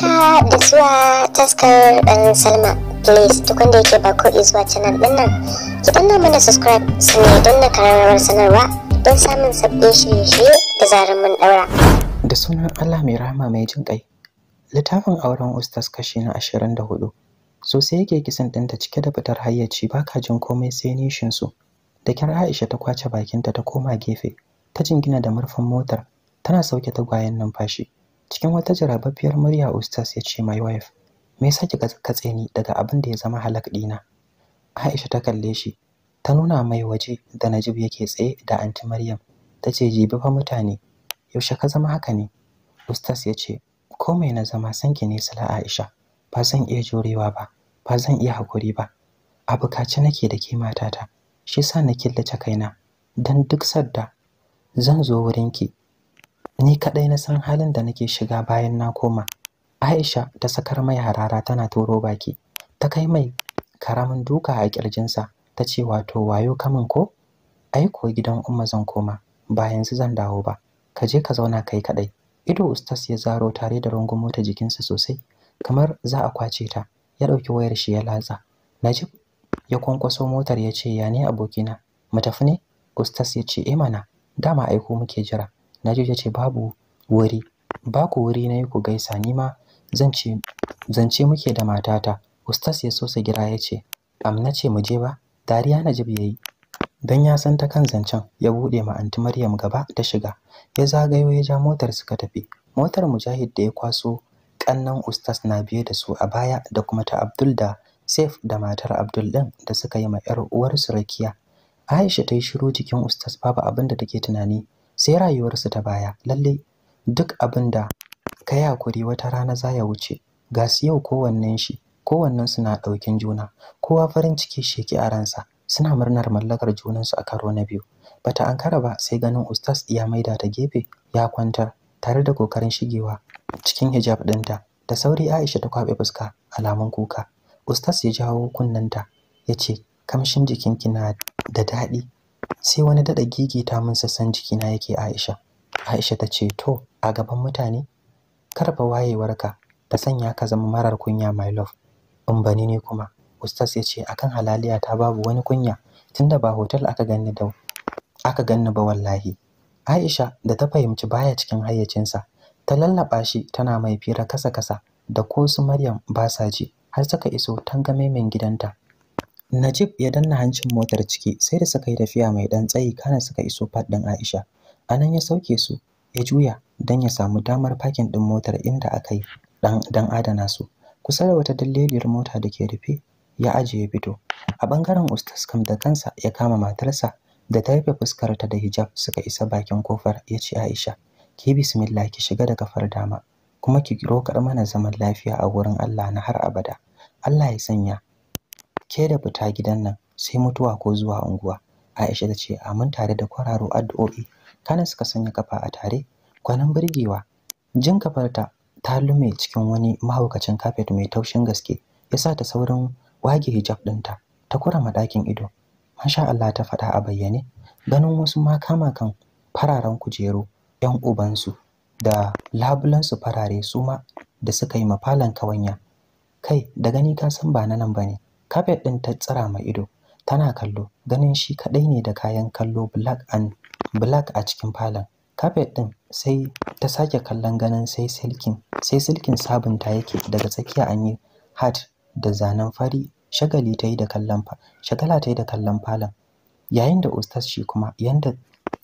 haka da zuwa taskar dan salma please duk wanda yake ba ko zuwa canal din nan ki danna mana subscribe su ne don na kararrawar sanarwa don samun sabbin shirye-shirye da zarar mun daura da sunan allah mai rahama mai jin kai littafin auren ustas kashi na ashirin da hudu sosai yake kisan ɗinta cike da fitar hayyaci ba ka jin komai sai nishin su da kyar aisha ta kwace bakinta ta koma gefe ta jingina da murfin motar tana sauke tagwayen numfashi cikin wata jarababbiyar murya ustaz ya ce my wife me yasa kika katse ni daga abin da ya zama halak dina Aisha ta kalle shi ta nuna mai waje da Najib yake tsaye da anti Maryam ta ce jibi fa mutane yaushe ka zama haka ne ustaz ya ce ko mai na zama san ki ne sala Aisha ba zan iya jorewa ba ba zan iya hakuri ba a bukaci nake da ke matata shi sa na killace kaina dan duk sadda zan zo wurinki ni kadai na san halin da nake shiga bayan na koma aisha ta sakar mai harara tana turo baki ta kai mai karamin duka a kirjinsa ta ce wato wayo kamun ko ai ko gidan umma zan koma ba yanzu zan dawo ba ka je ka zauna kai kadai. ido ustas ya zaro tare da rungumo ta jikinsa sosai kamar za a kwace ta ya ɗauki wayar shi ya latsa najib ya kwankwaso motar ya ce ya ne abokina mu tafi ne ustas ya ce eh mana dama aiko muke jira Najib ya ce babu wuri. Ba ku wuri na yi ku gaisa ni ma zan ce zance muke da matata. Ustas ya so gira ya ce na ce mu je ba dariya Najib ya yi. Dan ya san ta kan zancen ya buɗe ma anti Maryam gaba ta shiga. Ya zagayo ya ja motar suka tafi. Motar Mujahid da ya kwaso kannan Ustas na biye da su a baya da kuma ta Abdul da Saif da matar Abdul din da suka yi ma 'yar uwarsu rakiya. Aisha ta yi shiru cikin Ustas babu abin da take tunani sai rayuwarsu ta baya lalle duk abin da ka yi hakuri wata rana za ya wuce ga su yau kowannen shi kowannen suna ɗaukin juna kowa farin ciki sheki a ransa suna murnar mallakar junansu a karo na biyu bata ankara ba sai ganin ustas ya maida ta gefe ya kwantar tare da kokarin shigewa cikin hijab ɗinta da sauri Aisha ta kwaɓe fuska alamun kuka ustas ya jawo kunnanta ya ce kamshin jikinki na da daɗi sai wani dada gigita min sassan jikina yake Aisha Aisha ta ce to a gaban mutane karfa wayewarka ta sanya ka zama marar kunya my love in bani ne kuma ustaz ya ce akan halaliya ta babu wani kunya tunda ba hotel aka ganni da aka ganni ba wallahi Aisha da ta fahimci baya cikin hayyacinsa ta lallaba shi tana mai fira kasa kasa da ko su Maryam ba sa ji har suka iso tangame min gidanta Najib ya danna hancin motar ciki sai da suka yi tafiya mai dan tsayi kana suka iso faɗin Aisha. Anan ya sauke su ya juya don ya samu damar fakin din motar inda aka yi dan adana su. Kusa da wata dalleliyar mota da ke rufe ya aje ya fito. A bangaren Ustaz kam da kansa ya kama matarsa da ta rufe fuskarta da hijab suka isa bakin kofar ya ce Aisha ki bismillah ki shiga da kafar dama kuma ki roƙar mana zaman lafiya a wurin Allah na har abada. Allah ya sanya ke da fita gidan nan sai mutuwa ko zuwa unguwa Aisha ta ce mun tare da kwararo addu'o'i kana suka sanya kafa a tare Kwanan burgewa jin kafarta ta lume cikin wani mahaukacin kafet mai taushin gaske ya sa ta saurin wage hijab ɗinta ta kura madakin ido masha Allah ta faɗa a bayyane ganin wasu ma kama kan fararen kujeru 'yan ubansu da labulansu farare su ma da suka yi mafalan kawanya kai da gani ka san ba na nan bane kafet ɗin ta tsira ma ido tana kallo ganin shi kaɗai ne da kayan kallo black and black a cikin falon kafet ɗin sai ta sake kallon ganin sai silkin sai silkin sabunta yake daga tsakiya an yi hat da zanen fari shagali ta yi da kallon shagala ta yi da kallon falon yayin da ustaz shi kuma yanda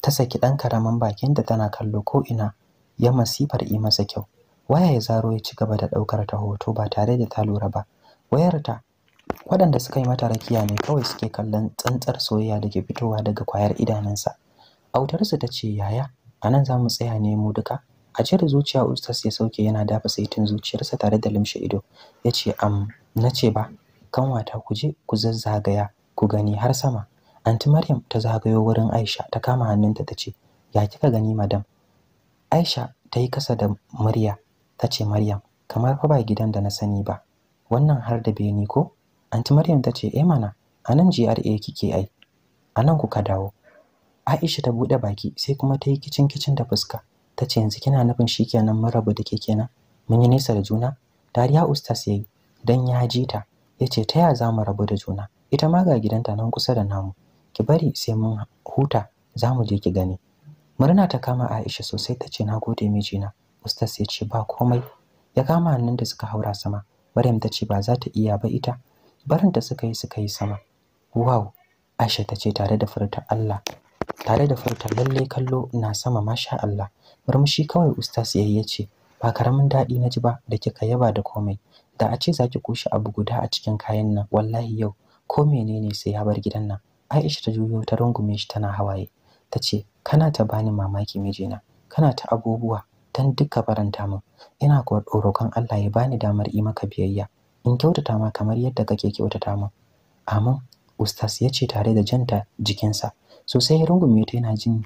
ta saki ɗan karamin da tana kallo ko ina ya masifar yi masa kyau waya ya zaro ya ci gaba da ɗaukar ta hoto ba tare da ta lura ba wayarta waɗanda suka yi mata rakiya ne kawai suke kallon tsantsar soyayya da ke fitowa daga kwayar idanunsa autarsu ta ce yaya a nan za mu tsaya ne mu duka a cire zuciya ustas ya sauke yana dafa saitin zuciyarsa tare da limshe ido ya ce am na ce ba kanwata ku je ku zazzagaya ku gani har sama anti maryam ta zagayo wurin aisha ta kama hannunta ta ce ya kika gani madam aisha ta yi kasa da murya ta ce maryam kamar fa ba gidan da na sani ba wannan har da beni ko Anti Maryam ta ce, "Eh mana, a nan GRA kike ai. A nan kuka dawo." Aisha ta bude baki sai kuma ta yi kicin kicin da fuska. Ta ce, "Yanzu kina nufin shikenan mun rabu da ke kenan? Mun yi nesa da juna?" Dariya Ustaz yayi dan ya ji ta. Ya ce, "Ta ya za mu rabu da juna? Ita ma ga gidanta nan kusa da namu. Ki bari sai mun huta, za mu je ki gani." Murna ta kama Aisha sosai ta ce, "Na gode mijina." Ustaz ya ce, "Ba komai." Ya kama hannun da suka haura sama. Maryam ta ce, "Ba za ta iya ba ita." barinta suka yi suka yi sama wow aisha ta ce tare da furta allah tare da furta lalle kallo na sama masha allah murmushi kawai ustaz yayi ya ce ba karamin daɗi na ji ba da kika yaba da komai da a ce za ki abu guda a cikin kayan nan wallahi yau ko menene sai ya bar gidan nan aisha ta juyo ta rungume shi tana hawaye tace kana ta bani mamaki mijina kana ta abubuwa dan duka faranta min ina roƙon allah ya bani damar yi maka biyayya in kyautata ma kamar yadda kake kyautata min amma ustas ya ce tare da janta jikinsa sosai ya rungume ta yana jin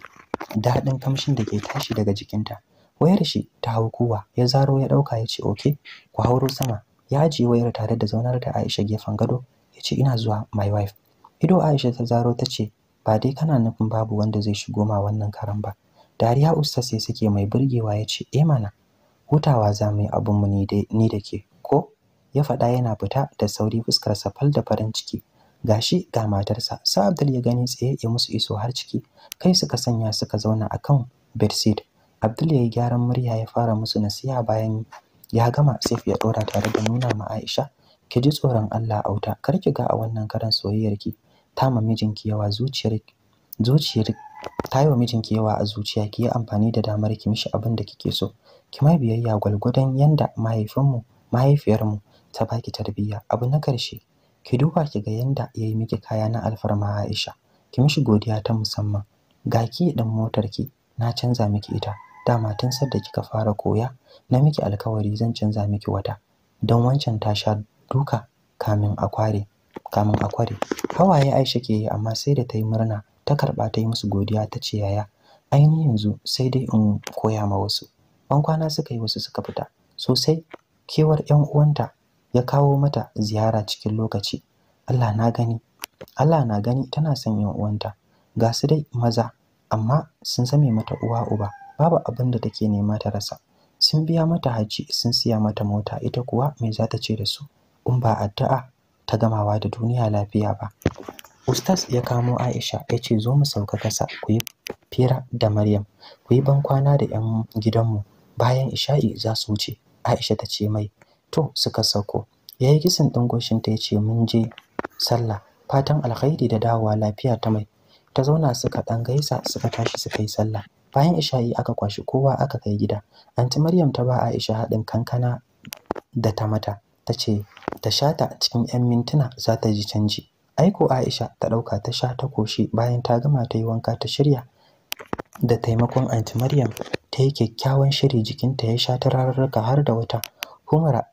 daɗin kamshin da ke tashi daga jikinta wayar shi ta hau kuwa ya zaro ya ɗauka ya ce oke ku hauro sama ya ajiye wayar tare da zaunar da aisha gefen gado ya ce ina zuwa my wife ido aisha ta zaro ta ce ba dai kana nufin babu wanda zai shigo ma wannan karan ba dariya ustas ya sake mai burgewa ya ce E mana hutawa za mu yi abinmu ni da ke ko ya faɗa yana fita da sauri fuskarsa fal da farin ciki gashi ga matarsa sa Abdul ya gani tsaye ya musu iso har ciki kai suka sanya suka zauna akan bedsheet Abdul ya yi gyaran murya ya fara musu nasiha bayan ya gama Saif ya ɗora tare da nuna ma Aisha ki ji tsoron Allah auta kar ki ga a wannan karan soyayyarki ta ma mijinki yawa zuciyar zuciyar ta yi wa mijinki yawa a zuciya ki yi amfani da damar ki mishi abin da kike so ki mai biyayya gwalgwadon yanda mahaifinmu mahaifiyarmu ta baki tarbiyya abu na karshe ki duba ki ga yanda yayi miki kaya na alfarma Aisha ki mishi godiya ta musamman ga ki dan motar ki na canza miki ita dama tun sadda kika fara koya na miki alkawari zan canza miki wata don wancan ta sha duka kamin a kware kamin a kware hawaye Aisha ke yi amma sai da ta yi murna ta karba ta yi musu godiya ta ce yaya ainihin yanzu sai dai in koya ma wasu ban kwana suka yi wasu suka fita sosai kewar 'yan uwanta ya kawo mata ziyara cikin lokaci Allah na gani Allah na gani tana son yan uwanta ga su dai maza amma sun same mata uwa uba babu abin da take nema ta rasa sun biya mata haji sun siya mata mota ita kuwa me za ta ce da su in ba addu'a ta gamawa da duniya lafiya ba Ustaz ya kamo Aisha ya ce zo mu sauka kasa ku yi fira da Maryam ku yi bankwana da 'yan gidanmu bayan Isha'i za su wuce Aisha ta ce mai to suka sako ya yi kisan ɗin goshinta ya ce mun je sallah fatan alkhairi da dawowa lafiya ta mai ta zauna suka ɗan gaisa suka tashi suka yi sallah bayan isha'i aka kwashi kowa aka kai gida anti maryam ta ba aisha haɗin kankana da ta mata ta ce ta sha ta cikin 'yan mintuna za ta ji canji aiko aisha ta ɗauka ta sha ta koshi bayan ta gama ta yi wanka ta shirya da taimakon anti maryam ta yi kyakkyawan shiri jikinta ya sha ta rarraka har da wata humra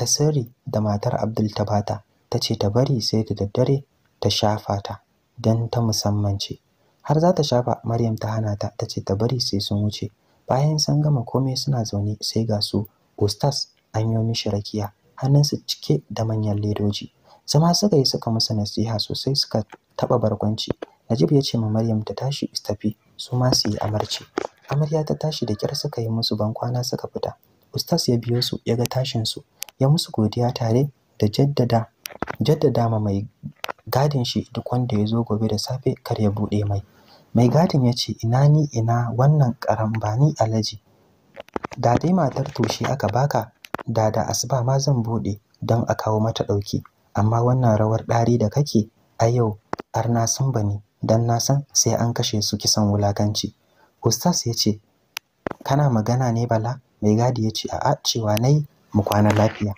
ta sirri da matar Abdul ta bata ta ce ta bari sai da daddare ta shafa ta don ta musammance. har za ta shafa Maryam ta hana ta ta ce ta bari sai sun wuce bayan sun gama komai suna zaune sai ga su Ustas an yi mishi rakiya hannunsu cike da manyan ledoji zama suka yi suka musu nasiha sosai suka taɓa barkwanci Najib ya ce ma Maryam ta tashi tafi su ma su yi amarci amarya ta tashi da kyar suka yi musu bankwana suka fita Ustas ya biyo su ya ga tashin su ya musu godiya tare da jaddada jaddada ma mai gadin shi duk wanda ya zo gobe da safe kar ya bude mai mai gadin ya ce ina ni ina wannan ni alaji da dai matar toshe aka baka da da asuba ma zan buɗe don a kawo mata ɗauki amma wannan rawar ɗari da kake a yau Ar na san ni, don na san sai an kashe su kisan wulakanci ustaz ya ce kana magana ne bala mai gadi ya ce a'a cewa nai mu kwana lafiya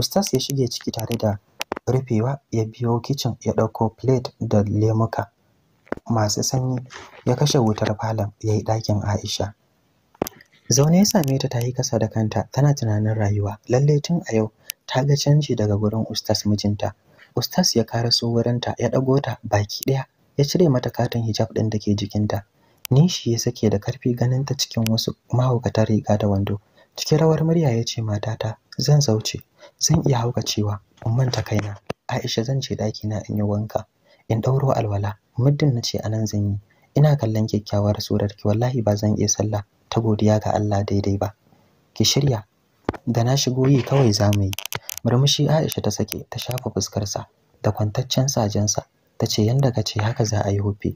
ustas ya shige ciki tare da rufewa ya biyo kicin ya dauko plate da lemuka masu sanyi ya kashe wutar falon ya yi ɗakin aisha zaune ya same ta ta yi kasa da kanta tana tunanin rayuwa lallai tun a yau ta ga canji daga gurin ustas mijinta ustas ya karaso wurinta ya ɗago ta baki ɗaya ya cire mata katin hijab ɗin da ke jikinta nishi ya sake da karfi ganin ta cikin wasu mahaukatar riga da wando cikin rawar murya ya ce matata zan zauce zan iya hauka cewa in manta kaina aisha zan je ɗakina in yi wanka in ɗauro alwala muddin na ce anan zan yi ina kallon kyakkyawar surar ki wallahi ba zan iya sallah ta godiya ga Allah daidai ba ki shirya da na shigo yi kawai za mu yi murmushi Aisha ta sake ta shafa fuskarsa da kwantaccen sajensa ta ce yanda ka ce haka za a yi hufi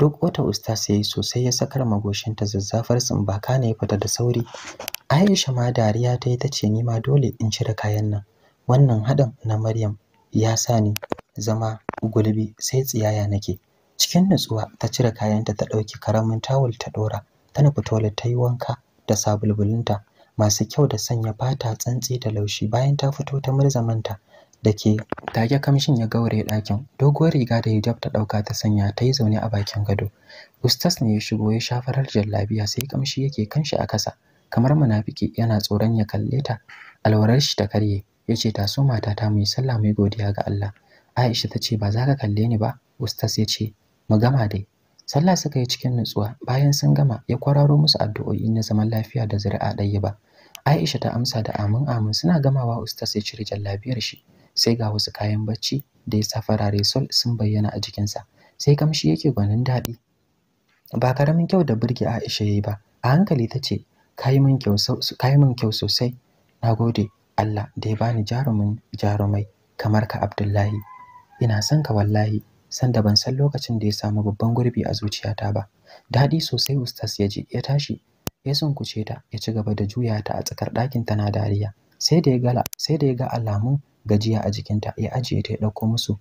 Rukota ta ustaz yayi sosai ya sakar magoshinta zazzafar tsumba na ya fita da sauri. Aisha ma dariya ta yi ta ce ni ma dole in cire kayan nan. Wannan haɗin na Maryam ya sa ni zama gulbi sai tsiyaya nake. Cikin nutsuwa ta cire kayanta ta ɗauki karamin tawul ta ɗora ta nufi toilet ta wanka da sabulbulinta masu kyau da sanya fata tsantsi da laushi bayan ta fito ta murza manta da ke take kamshin ya gaure ɗakin doguwar riga da hijab ta ɗauka ta sanya ta yi zaune a bakin gado ustas ne ya shigo ya shafarar jallabiya sai kamshi yake kanshi a kasa kamar munafiki yana tsoron ya kalle ta alwarar shi ta karye ya ce taso matata mu yi sallah mu yi godiya ga Allah Aisha ta ce ba za ka kalle ni ba ustas ya ce mu gama dai sallah suka yi cikin nutsuwa bayan sun gama ya kwararo musu addu'o'i na zaman lafiya da zuri'a ɗaya ba Aisha ta amsa da amin amin suna gamawa ustas ya cire jallabiyar shi sai ga wasu kayan bacci da ya sa farare sol sun bayyana a jikinsa sai kamshi yake gwanin daɗi ba karamin kyau da burge Aisha ya yi ba a hankali ta ce kayi min kyau sosai min kyau sosai nagode Allah da ya bani jarumin jarumai kamar ka Abdullahi ina son ka wallahi sanda ban san lokacin da ya samu babban gurbi a zuciyata ba daɗi sosai ustas ya ji ya tashi ya sunkuce ta ya ci gaba da juyata a tsakar ɗakin tana dariya sai da ya ga alamun gajiya a jikinta ya ajiye ta ya ɗauko musu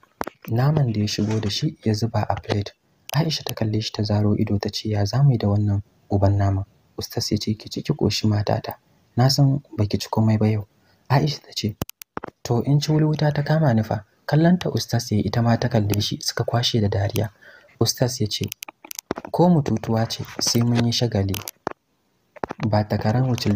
naman da ya shigo da shi ya zuba a plate Aisha ta kalle shi ta zaro ido ta ce ya zamu da wannan uban naman ustas ya ce ki ci ki koshi matata na san baki ci komai ba yau Aisha ta ce to in ci wuta ta kama ni fa kallanta ustas ya ita ma ta kalle shi suka kwashe da dariya ustas ya ce ko mututuwa ce sai mun yi shagali ba ta karan wuce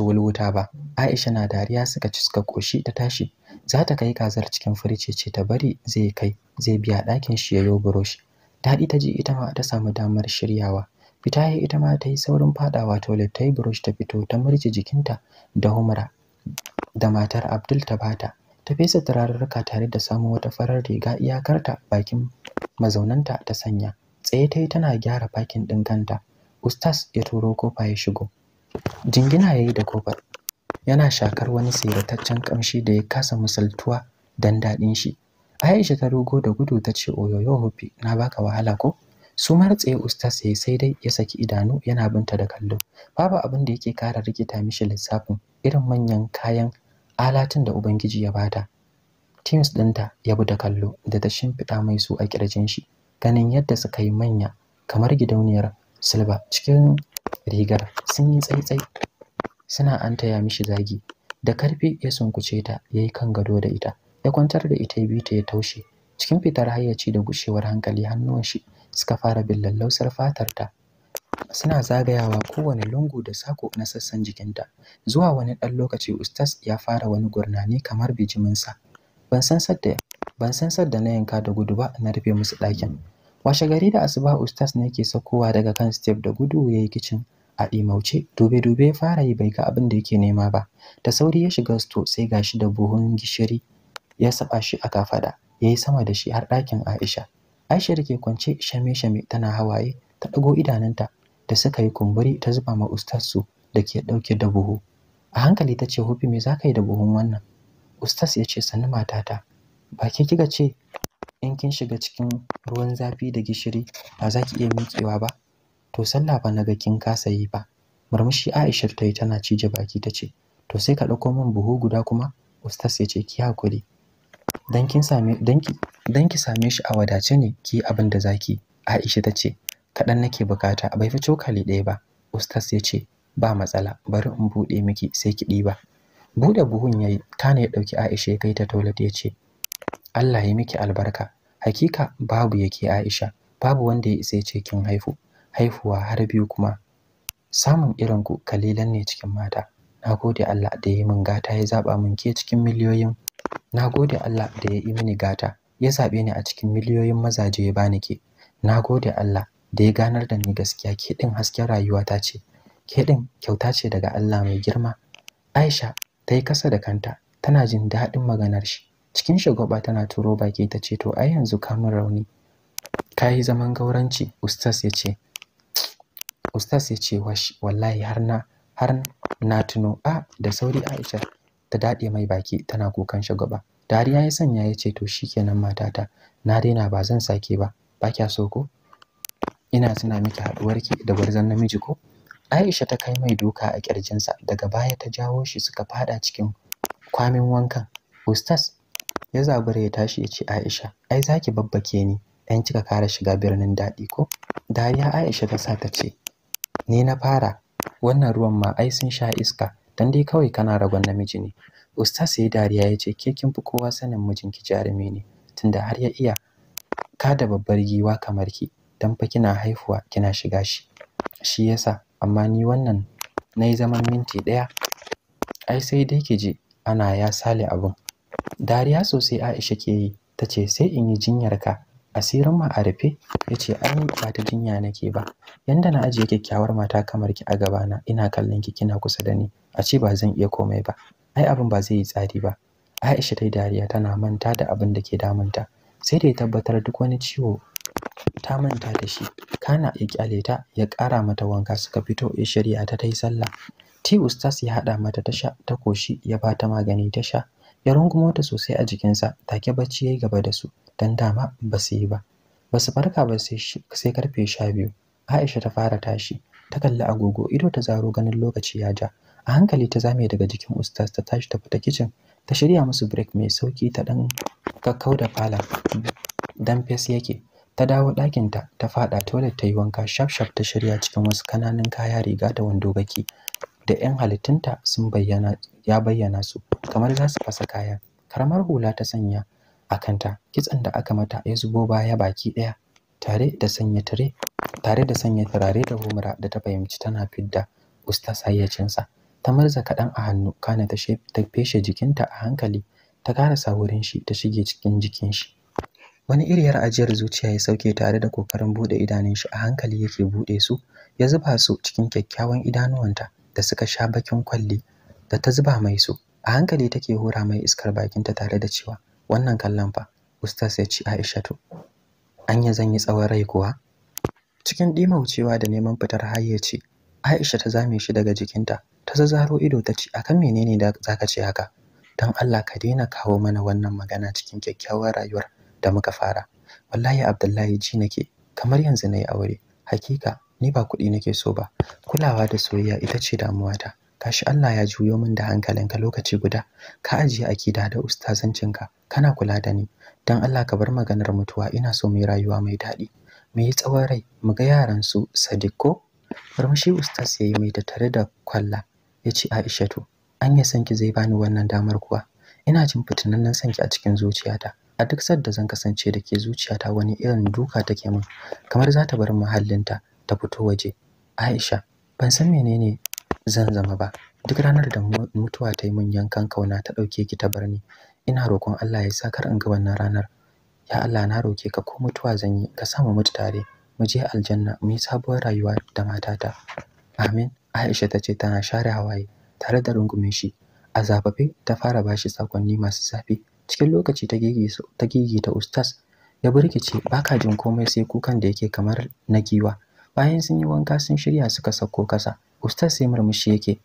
wuta ba Aisha na dariya suka ci suka koshi ta tashi za ta kai kazar cikin firji ce ta bari zai kai zai biya ɗakin shi ya yo burosh daɗi ta ji ita ma ta samu damar shiryawa fita ya ita ma ta yi saurin faɗawa toilet ta yi burosh ta fito ta murje jikinta da humra da matar abdul ta bata ta fesa turarurruka tare da samun wata farar riga iyakarta bakin mazaunanta ta sanya tsaye ta yi tana gyara fakin ɗin kanta ustas ya turo kofa ya shigo jingina ya yi da kofar yana shakar wani sirataccen kamshi da ya kasa misaltuwa dan daɗin shi Aisha ta rugo da gudu ta ce oyoyo hufi na baka wahala ko su mar tsaye ustaz sai sai dai ya saki idanu yana binta da kallo babu abin da yake kara rikita mishi lissafin irin manyan kayan alatin da ubangiji ya bata teams ɗinta ya bi da kallo da ta shimfiɗa mai su a kirjin shi ganin yadda suka yi manya kamar gidauniyar silba cikin rigar sun yi tsaitsai suna antaya mishi zagi da karfi ya sunkuce ta yayi kan gado da ita ya kwantar da ita bi ta ya taushe cikin fitar hayyaci da gushewar hankali hannuwan shi suka fara bin lallausar fatar ta suna zagayawa kowane lungu da sako na sassan jikinta zuwa wani ɗan lokaci ustas ya fara wani gurnani kamar bijiminsa ban san sadda ban san sadda na yanka da gudu ba na rufe musu ɗakin washe gari da asuba ustas ne ke saukowa daga kan step da gudu yayi kicin a ɗimauce dube-dube ya fara yi bai ga abin da yake nema ba da sauri ya shiga sto sai ga shi da buhun gishiri ya saba shi a kafada ya yi sama da shi har ɗakin aisha aisha da ke kwance shame-shame tana hawaye ta ɗago idanunta da suka yi kumburi ta zuba ma ustaz su da ke ɗauke da buhu a hankali ta ce hufi me za ka yi da buhun wannan Ustas ya ce sannu matata ba ke kika ce in kin shiga cikin ruwan zafi da gishiri ba za ki iya miƙewa ba to sallah ba na naga kin kasa yi ba. murmushi Aisha ta yi tana cije baki ta ce to sai ka dauko min buhu guda kuma ustaz ya ce ki hakuri dan kin same dan ki dan ki same shi a wadace ne ki abin da zaki Aisha ta ce kadan nake bukata bai fi cokali ɗaya ba ustaz ya ce ba matsala bari in bude miki sai ki ɗiba bude buhun yayi kana ya dauki Aisha ya kai ta toilet ya ce Allah ya miki albarka hakika babu yake Aisha babu wanda ya isa ya ce kin haifu haihuwa har biyu kuma samun irin ku kalilan ne cikin mata nagode Allah da ya min gata ya zaba min ke cikin miliyoyin nagode Allah da ya yi mini gata ya zabe ni a cikin miliyoyin mazaje ya bani ke gode Allah da ya ganar da ni gaskiya ke din hasken rayuwata ce ke din kyauta ce daga Allah mai girma Aisha ta yi kasa da kanta tana jin daɗin maganar shi cikin shagwaba tana turo baki ta ce to ai yanzu kamun rauni ka yi zaman gauranci ustas ya ce ustaz ya ce wash wallahi har na har na tuno a da sauri Aisha ta dade mai baki tana kukan shagaba dariya ya sanya ya ce to shikenan matata na daina ba zan sake ba ba kya so ko ina suna miki haduwarki da gwarzon namiji ko Aisha ta kai mai doka a kirjinsa daga baya ta jawo shi suka fada cikin kwamin wankan ustaz ya zabura ya tashi ya ce Aisha ai zaki babbake ni dan kika kara shiga birnin dadi ko dariya Aisha ta sa ta ce Ni na fara, wannan ruwan ma ai sun sha iska, dan dai kawai kana ragon namiji ne. Ustaz sai dariya ya ce, ke kin fi kowa sanin mijinki jarumi ne, tunda har ya iya ka da babbar giwa kamar ki, dan fa kina haifuwa kina shiga shi. Shi yasa, amma ni wannan na yi zaman minti ɗaya, ai sai dai ki ji ana ya sale abin. Dariya sosai Aisha ke yi, ta ce sai in yi jinyarka asirin ma'arafe? a rufe ce ai ba ta jinya nake ba yanda na ajiye kyakkyawar mata kamar ki a gaba na ina kallon ki kina kusa da ni a ce ba zan iya komai ba ai abin ba zai yi tsari ba Aisha dai dariya tana manta da abin da ke damunta sai da ya tabbatar duk wani ciwo ta manta da shi kana ya kyale ta ya kara mata wanka suka fito ya shirya ta ta yi sallah ti ustas ya haɗa mata ta sha ta koshi ya ba ta magani ta sha ya rungumo ta sosai a jikinsa take bacci yayi gaba da su dan dama ba su yi ba ba su farka ba sai karfe sha aisha ta fara tashi ta kalli agogo ido ta zaro ganin lokaci ya ja a hankali ta zame daga jikin ustaz ta tashi ta fita kicin ta shirya musu break mai sauki ta dan kakkau da fala dan fes yake ta dawo ɗakinta ta faɗa toilet ta yi wanka shaf shaf ta shirya cikin wasu kananan kaya riga da wando baki da 'yan halittunta sun bayyana ya bayyana su kamar za su fasa kayan karamar hula ta sanya a kanta kitson da aka mata ya zubo baya baki ɗaya tare da sanya tare tare da sanya turare da humra da ta fahimci tana fidda ustas hayyacinsa ta marza kaɗan a hannu kana ta feshe jikinta a hankali ta karasa wurin shi ta shige cikin jikin shi wani iriyar ajiyar zuciya ya sauke tare da kokarin buɗe idanun shi a hankali yake buɗe su ya zuba su cikin kyakkyawan idanuwanta da suka sha bakin kwalli da ta zuba mai su a hankali take hura mai iskar bakinta tare da cewa wannan kallon fa ustaz ya ci aishatu anya zan yi tsawon rai kuwa cikin wucewa da neman fitar hayyaci aisha ta zame shi daga jikinta ta zazzaro ido ta ce akan menene da zaka ce haka don allah ka daina kawo mana wannan magana cikin kyakkyawar rayuwar da muka fara wallahi abdullahi ji nake kamar yanzu na yi aure hakika ni ba kuɗi nake so ba kulawa da soyayya ita ce damuwata kashi Allah ya juyo min da hankalinka lokaci guda ka ajiye akida da ustazancinka kana kula da ni dan Allah ka bar maganar mutuwa ina so mai rayuwa mai daɗi mu yi tsawon rai mu ga yaran su sadiko farmashi ustaz yayi mai tare da kwalla yace Aishatu an ya sanki zai bani wannan damar kuwa ina jin fitinannen sanki a cikin zuciyata a duk sadda zan kasance da ke zuciyata wani irin duka take min kamar za ta bar muhallinta ta fito waje aisha ban san menene zan zama ba duk ranar da mutuwa ta yi mun yankan kauna ta ɗauke ki ta bar ina roƙon Allah ya sa kar in ga wannan ranar ya Allah na roke ka ko mutuwa zan yi ka sa mu mutu tare mu je aljanna mu yi sabuwar rayuwa da matata amin Aisha ta ce tana share hawaye tare da rungume shi a zafafe ta fara bashi sakonni masu zafi cikin lokaci ta gigi ta ustas ustaz ya burkice baka jin komai sai kukan da yake kamar na giwa bayan sun yi wanka sun shirya suka sauko kasa ustaz sai murmushi yake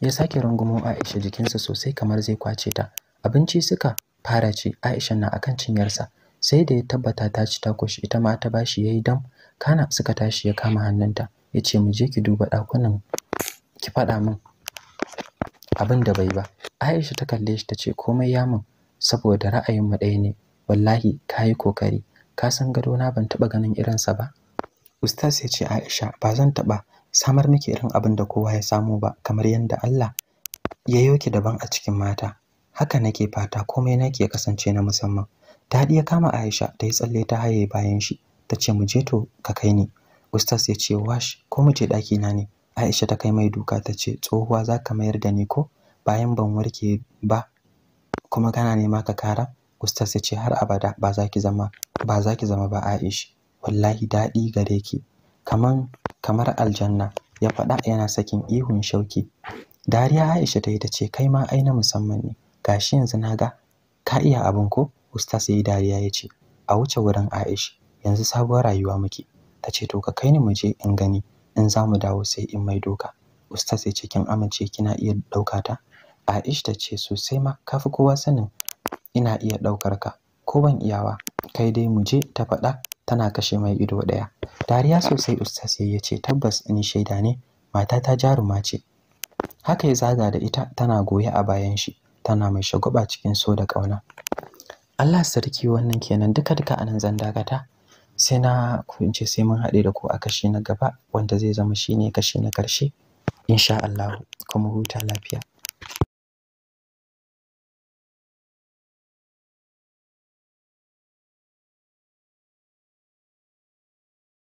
ya sake rungumo Aisha jikinsa sosai kamar zai kwace ta abinci suka fara ci Aisha na akan cinyarsa sai da ya tabbata ta ci ta koshi ita ma ta bashi yayi dam kana suka tashi ya kama hannunta ya ce mu je ki duba ɗakunan ki faɗa min abin da bai ba Aisha ta kalle shi ta ce komai ya min saboda ra'ayin mu ɗaya ne wallahi kayi kokari ka san gado na ban taɓa ganin irinsa ba Ustaz ya ce Aisha ba zan taɓa samar miki irin abin da kowa ya samu ba kamar yadda Allah ya yoke daban a cikin mata. Haka nake fata komai nake kasance na musamman. Daɗi ya kama Aisha ta yi tsalle ta haye bayan shi ta ce mu je to ka kai ni. Ustaz ya ce wash ko mu je ɗaki na ne. Aisha ta kai mai duka ta ce tsohuwa za ka mayar da ni ko bayan ban warke ba kuma kana nema ka kara. Ustaz ya ce har abada ba za ki zama ba za ki zama ba Aisha. wallahi daɗi gare ki kaman kamar aljanna ya faɗa yana sakin ihun shauki dariya Aisha ta yi ta ce kai ma ai na musamman ne gashi yanzu na ga ka iya abin ko ustaz yayi dariya ya ce a wuce wurin Aisha yanzu sabuwar rayuwa muke ta ce to ka kai ni mu je in gani in za mu dawo sai in mai doka ustaz ya ce kin amince kina iya ɗauka ta Aisha ta ce sosai ma Ka fi kowa sanin ina iya ɗaukar ka ko ban iyawa kai dai mu je ta faɗa tana kashe mai ido ɗaya dariya sosai ustaz ya ce tabbas in shaida ne matata jaruma ce haka ya zaga da ita tana goye a bayan shi tana mai shagwaba cikin so da kauna Allah sarki wannan kenan duka duka anan zan dakata sai na kunce sai mun haɗe da ku a kashi na gaba wanda zai zama shine kashi na ƙarshe insha Allah kuma huta lafiya